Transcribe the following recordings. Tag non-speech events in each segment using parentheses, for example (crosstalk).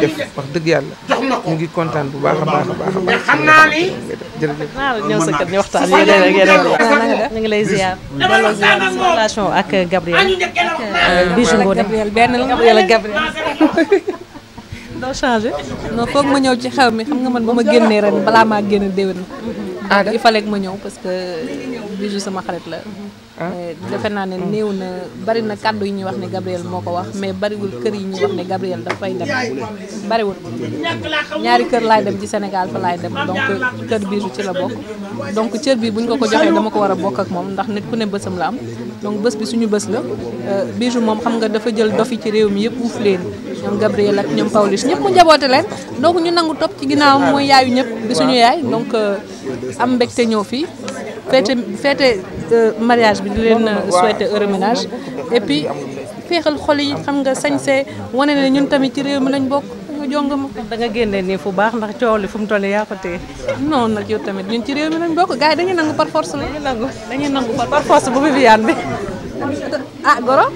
def wax dëgg yàlla ñu ngi kontaan bu baax a baax a baax a baax xam naa ni jërëjëf la ñëw sa kër ak yeneen ñu ngi lay ziar delloo ziar sa relation ak euh, Gabriel euh, Bijou Ngoné benn ak Gabriel (laughs) doo changé non foog ma ñëw ci xew mi xam nga man ba ma génnee ren balaa maa génn déwén mm-hmm. ah fa fallait ma ñëw parce que Bijou sama xarit la. Ah. defe naa ne néew na bari na kàddu yi ñuy wax ne Gabriel moo ko wax mais bariwul kër yi ñuy wax ne Gabriel daf fay dem bariwul ñaari kër laay dem ci Sénégal fa laay dem donc kër Bijou ci la bokk. donc cër bi bu ñu ko ko joxee dama ko war a bokk ak moom ndax nit ku ne bësam la am donc bës bi suñu bës la euh, Bijou moom xam nga dafa jël dofi ci réew mi yëpp wuuf leen. ñoom Gabriel ak ñoom Paulus ñëpp mu njaboote leen donc ñu nangu topp ci ginnaaw mooy yaayu ñëpp bi suñu yaay donc euh, am mbégte ñëw fii feete euh, mariage bi di leen euh, souhaiter heureux ménage et puis féexal xol yi xam nga sañse wane ne ñun tamit ci réew mi lañ bokk nga jong ma da nga génne nii fu baax ndax coow li fu mu toll yaa ko téye non nag yow tamit ñun ci réew mi lañ bokk gars yi dañuy nangu par force la dañuy nangu par force bu Viviane bi ah goro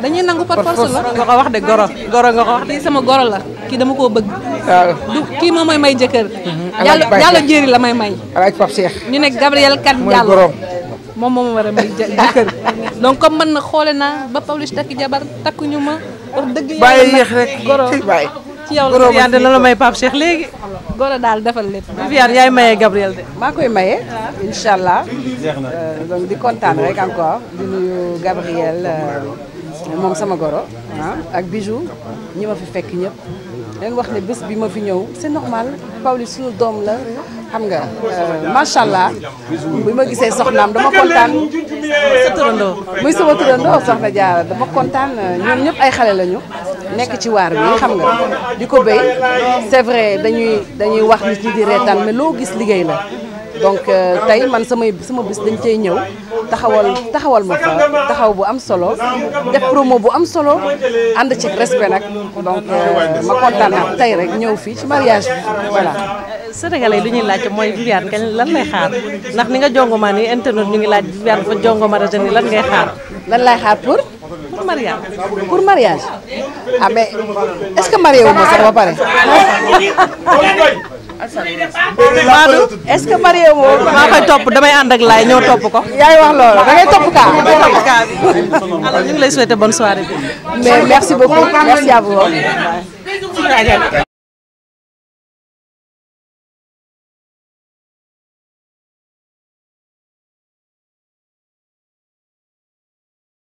dañuy nangu par force la nga ko wax de goro goro nga ko wax kii sama goro la kii dama koo bëgg du kii moom may may jëkkër mhm. yàlla yàlla jéeri la may may alaaj Pape Cheikh ñu ne Gabriel Kat Diallo moom moom war a may jëkkër donc comme mën na xoole naa ba Pawlish takki jabar ñu ma wax dëgg yàlla goro ci yow la Viviane de la may Pape Cheikh léegi goro daal defal lépp Viviane yaay mayee Gabriel de maa koy maye incha allah euh, donc di kontaan rek encore di nuyu Gabriel euh, moom sama goro ah, ak bijou ñi ma fi fekk ñëpp leen wax ne bés bi ma fi ñëw c'est normal Pawlish suñu doom la xam nga euh, macha allah bi ma gisee soxnaam dama kontaan sa turandoo muy sama turandoo soxna Diarra dama kontaan ñoom ñëpp ay xale lañu nekk ci waar bi xam nga di ko béy c'est dañuy dañuy wax nit ñi di reetaan mais loo gis liggéey la donc euh, tey man samay sama bis dañ cey ñëw taxawal taxawal ma fa taxaw bu am solo def promo bu am solo ànd ci respect nag donc euh, ma kontaan ak tey rek ñëw fii ci mariage bi voilà. Sénégalais li ñuy laajte mooy Viviane kañ lan lay xaar ndax ni nga jongoma ni internet ñu ngi laaj Viviane fa jongoma rajo ni lan ngay xaar. lan lay xaar pour. pour mariage pour mariage ah mais est-ce que marié sax ba pare. Madou est-ce que marié wu ma maa koy topp damay ànd ak laay ñëw topp ko. yaay wax loolu da topp kaa da ngi lay souhaiter bonne soirée. mais merci beaucoup merci à vous.